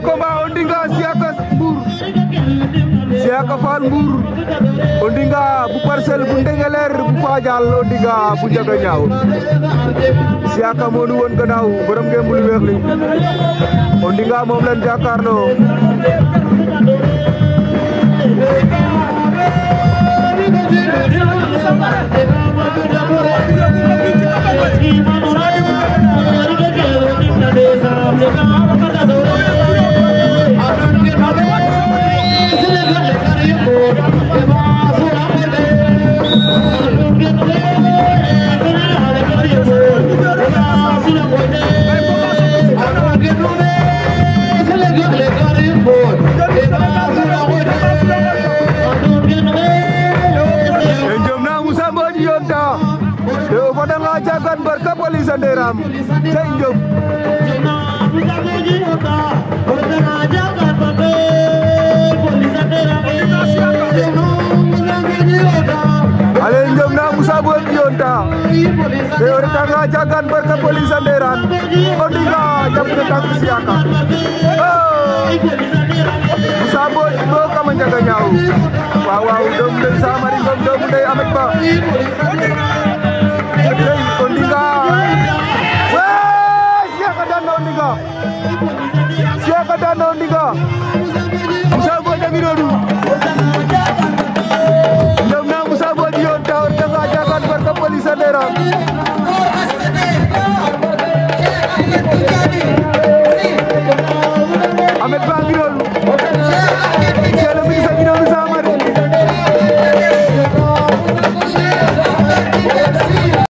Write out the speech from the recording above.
premier combat o ndinga Siaka Mbour Siaka bu parcelle bu Ndengeleer bu Fadial bu Njaga Ñaaw Siaka moo nu woon borom ngeen li akan berkepolisan deram Cek jom Alen jom na Musa deran Kondika jam petang siaka Oh njaga ñaaw waaw waaw doomu ndey Sa Mary Ngom doomu ndey Amet Ba ndey Ondinga wee Cheikh daan na Ondinga Cheikh daan na Ondinga Moussa Boy dangi noonu ñoom naa Moussa Boy di yoon taxaw taxaw jagaan barka police a leera